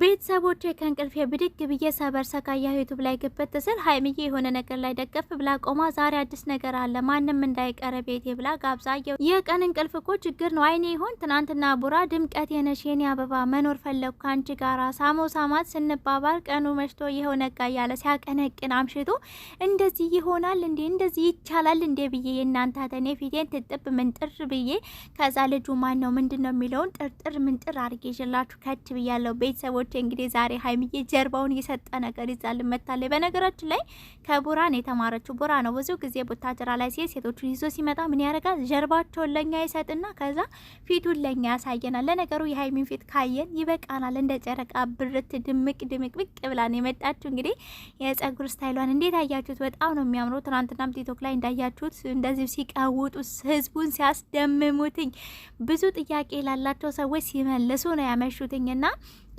ቤተሰቦቼ ከእንቅልፌ ብድግ ብዬ ሰበር ሰካ ያ ዩቱብ ላይ ግብት ስል ሀይምዬ የሆነ ነገር ላይ ደገፍ ብላ ቆማ ዛሬ አዲስ ነገር አለ ማንም እንዳይቀረ ቤቴ ብላ ጋብዛየው። የቀን እንቅልፍ እኮ ችግር ነው። አይኔ ይሆን ትናንትና ቡራ ድምቀት የነሽ አበባ መኖር ፈለግኩ ከአንቺ ጋራ ሳሞ ሳማት ስንባባል ቀኑ መሽቶ ይኸው ነጋ እያለ ሲያቀነቅን አምሽቶ እንደዚህ ይሆናል እንዴ እንደዚህ ይቻላል እንዴ ብዬ የእናንተ ተኔ ፊቴን ትጥብ ምንጥር ብዬ ከዛ ልጁ ማን ነው ምንድን ነው የሚለውን ጥርጥር ምንጥር አድርጌ ይችላችሁ ከች ብያለው ቤተሰቦ ቤተሰቦች እንግዲህ ዛሬ ሀይሚዬ ጀርባውን የሰጠ ነገር ይዛል መታለች። በነገራችን ላይ ከቡራን የተማረችው ቡራ ነው። ብዙ ጊዜ ቦታጀራ ላይ ሲሄድ ሴቶቹን ይዞ ሲመጣ ምን ያደርጋል? ጀርባቸውን ለኛ ይሰጥና ከዛ ፊቱን ለኛ ያሳየናል። ለነገሩ የሀይሚን ፊት ካየን ይበቃናል። እንደ ጨረቃ ብርት ድምቅ ድምቅ ብቅ ብላን የመጣችሁ እንግዲህ የጸጉር ስታይሏን እንዴት አያችሁት? በጣም ነው የሚያምረው። ትናንትናም ቲክቶክ ላይ እንዳያችሁት እንደዚህ ሲቀውጡ ህዝቡን ሲያስደምሙትኝ ብዙ ጥያቄ ላላቸው ሰዎች ሲመልሱ ነው ያመሹትኝና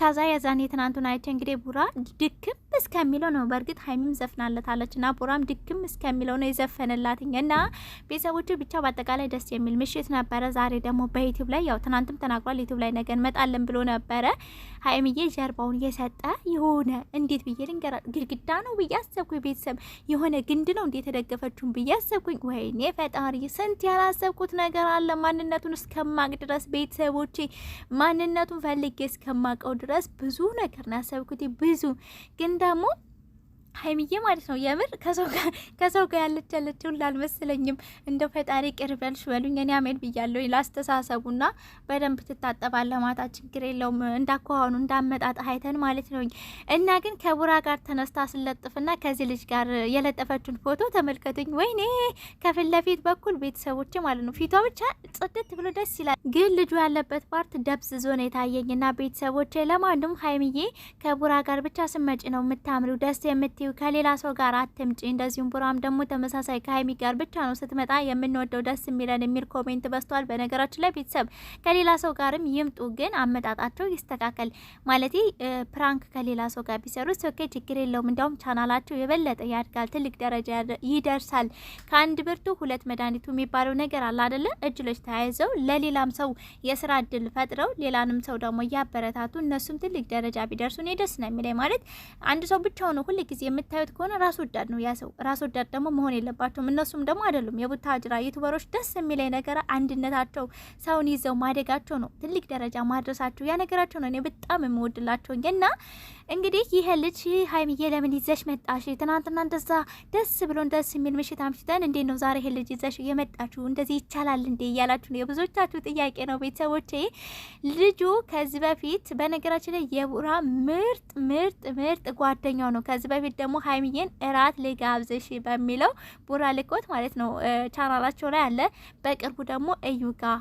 ከዛ የዛኔ ትናንቱን አይቼ እንግዲህ ቡራ ድክም እስከሚለው ነው። በእርግጥ ሀይሚም ዘፍናለታለች እና ቡራም ድክም እስከሚለው ነው የዘፈንላትኝ እና ቤተሰቦቹ ብቻ በአጠቃላይ ደስ የሚል ምሽት ነበረ። ዛሬ ደግሞ በዩቲብ ላይ ያው ትናንትም ተናግሯል። ዩቲብ ላይ ነገ እንመጣለን ብሎ ነበረ። ሀይምዬ ጀርባውን የሰጠ የሆነ እንዴት ብዬ ልንገራ ግድግዳ ነው ብዬ አሰብኩኝ። ቤተሰብ የሆነ ግንድ ነው እንዴት የተደገፈችውን ብዬ አሰብኩኝ። ወይኔ ፈጣሪ ስንት ያላሰብኩት ነገር አለ። ማንነቱን እስከማቅ ድረስ ቤተሰቦቼ ማንነቱን ፈልጌ እስከማቀው ድረስ ድረስ ብዙ ነገር ነው ያሰብኩት። ብዙ ግን ደግሞ ሀይሚዬ ማለት ነው የምር ከሰው ጋር ያለች ያለች ሁላ አልመሰለኝም። እንደ ፈጣሪ ቅርብ ያልሽ በሉኝ። እኔ አሜን ብያለሁ። ላስተሳሰቡና በደንብ ትታጠባለ ማታ ችግር የለውም። እንዳኳኋኑ እንዳመጣጥ ሀይተን ማለት ነው። እና ግን ከቡራ ጋር ተነስታ ስለጥፍና ከዚህ ልጅ ጋር የለጠፈችውን ፎቶ ተመልከቱኝ። ወይኔ ከፊት ለፊት በኩል ቤተሰቦች ማለት ነው ፊቷ ብቻ ጽድት ብሎ ደስ ይላል። ግን ልጁ ያለበት ፓርት ደብዝዞ ነው የታየኝና ቤተሰቦች ለማንም ሀይሚዬ ከቡራ ጋር ብቻ ስመጭ ነው የምታምሪው ደስ የምት አትዩ፣ ከሌላ ሰው ጋር አትምጪ። እንደዚሁም ቡራም ደግሞ ተመሳሳይ ከሀይሚ ጋር ብቻ ነው ስትመጣ የምንወደው ደስ የሚለን የሚል ኮሜንት በስቷል። በነገራችን ላይ ቤተሰብ ከሌላ ሰው ጋርም ይምጡ፣ ግን አመጣጣቸው ይስተካከል። ማለት ፕራንክ ከሌላ ሰው ጋር ቢሰሩ ሶኬ ችግር የለውም። እንዲያውም ቻናላቸው የበለጠ ያድጋል፣ ትልቅ ደረጃ ይደርሳል። ከአንድ ብርቱ ሁለት መድኃኒቱ የሚባለው ነገር አለ አደለ? እጅሎች ተያይዘው ለሌላም ሰው የስራ እድል ፈጥረው ሌላንም ሰው ደግሞ እያበረታቱ እነሱም ትልቅ ደረጃ ቢደርሱ እኔ ደስ ነው የሚለኝ። ማለት አንድ ሰው ብቻውን ጊዜ የምታዩት ከሆነ ራስ ወዳድ ነው ያ ሰው። ራስ ወዳድ ደግሞ መሆን የለባቸውም እነሱም ደግሞ አይደሉም። የቡታጅራ ዩቱበሮች ደስ የሚለኝ ነገር አንድነታቸው፣ ሰውን ይዘው ማደጋቸው ነው ትልቅ ደረጃ ማድረሳቸው ያ ነገራቸው ነው እኔ በጣም የምወድላቸው እና እንግዲህ ይሄ ልጅ ሀይሚዬ ለምን ይዘሽ መጣሽ? ትናንትና እንደዛ ደስ ብሎን ደስ የሚል ምሽት አምሽተን እንዴት ነው ዛሬ ይሄ ልጅ ይዘሽ የመጣችሁ? እንደዚህ ይቻላል እንዴ እያላችሁ ነው የብዙዎቻችሁ ጥያቄ ነው ቤተሰቦቼ። ልጁ ከዚህ በፊት በነገራችን ላይ የቡራ ምርጥ ምርጥ ምርጥ ጓደኛው ነው ከዚህ በፊት ደግሞ ሀይሚዬን እራት ልጋብዝሽ በሚለው ቡራ ልኮት ማለት ነው ቻናላቸው ላይ አለ። በቅርቡ ደግሞ እዩ ጋ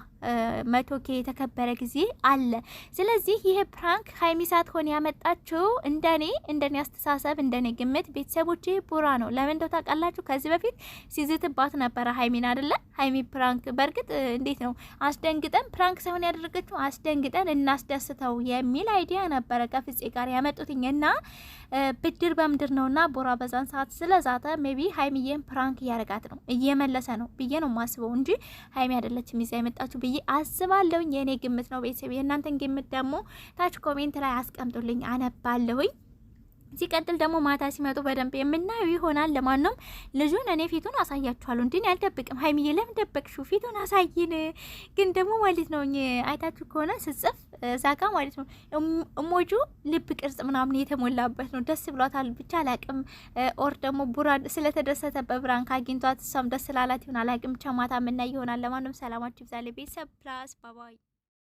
መቶ ኬ የተከበረ ጊዜ አለ። ስለዚህ ይሄ ፕራንክ ሀይሚ ሳትሆን ያመጣችው እንደኔ እንደኔ አስተሳሰብ እንደኔ ግምት ቤተሰቦቼ ቡራ ነው። ለምን ደው ታውቃላችሁ፣ ከዚህ በፊት ሲዝትባት ነበረ ሀይሚን አደለ? ሀይሚ ፕራንክ በእርግጥ እንዴት ነው አስደንግጠን ፕራንክ ሳይሆን ያደረገችው አስደንግጠን እናስደስተው የሚል አይዲያ ነበረ ከፍፄ ጋር ያመጡትኝ እና ብድር በምድር ነውና ቦራ በዛን ሰዓት ስለዛተ ሜቢ ሀይሚዬን ፕራንክ እያረጋት ነው እየመለሰ ነው ብዬ ነው ማስበው እንጂ ሀይሚ አይደለችም ይዛ የመጣችሁ ብዬ አስባለሁኝ። የእኔ ግምት ነው ቤተሰብ። የእናንተን ግምት ደግሞ ታች ኮሜንት ላይ አስቀምጡልኝ፣ አነባለሁኝ። ሲቀጥል ደግሞ ማታ ሲመጡ በደንብ የምናየው ይሆናል። ለማንም ልጁን እኔ ፊቱን አሳያችኋለሁ። እንዲህ አልደብቅም። ሀይሚዬ ለምን ደበቅሽው? ፊቱን አሳይን። ግን ደግሞ ማለት ነው አይታችሁ ከሆነ ስጽፍ እዛ ጋ ማለት ነው። እሞጁ ልብ ቅርጽ ምናምን የተሞላበት ነው። ደስ ብሏታል ብቻ አላቅም። ኦር ደግሞ ቡራን ስለተደሰተ በብራን ካግኝቷት እሷም ደስ ላላት ይሆን አላቅም። ብቻ ማታ የምናይ ይሆናል። ለማንም ሰላማችሁ ይብዛል። ቤተሰብ ፕላስ ባባይ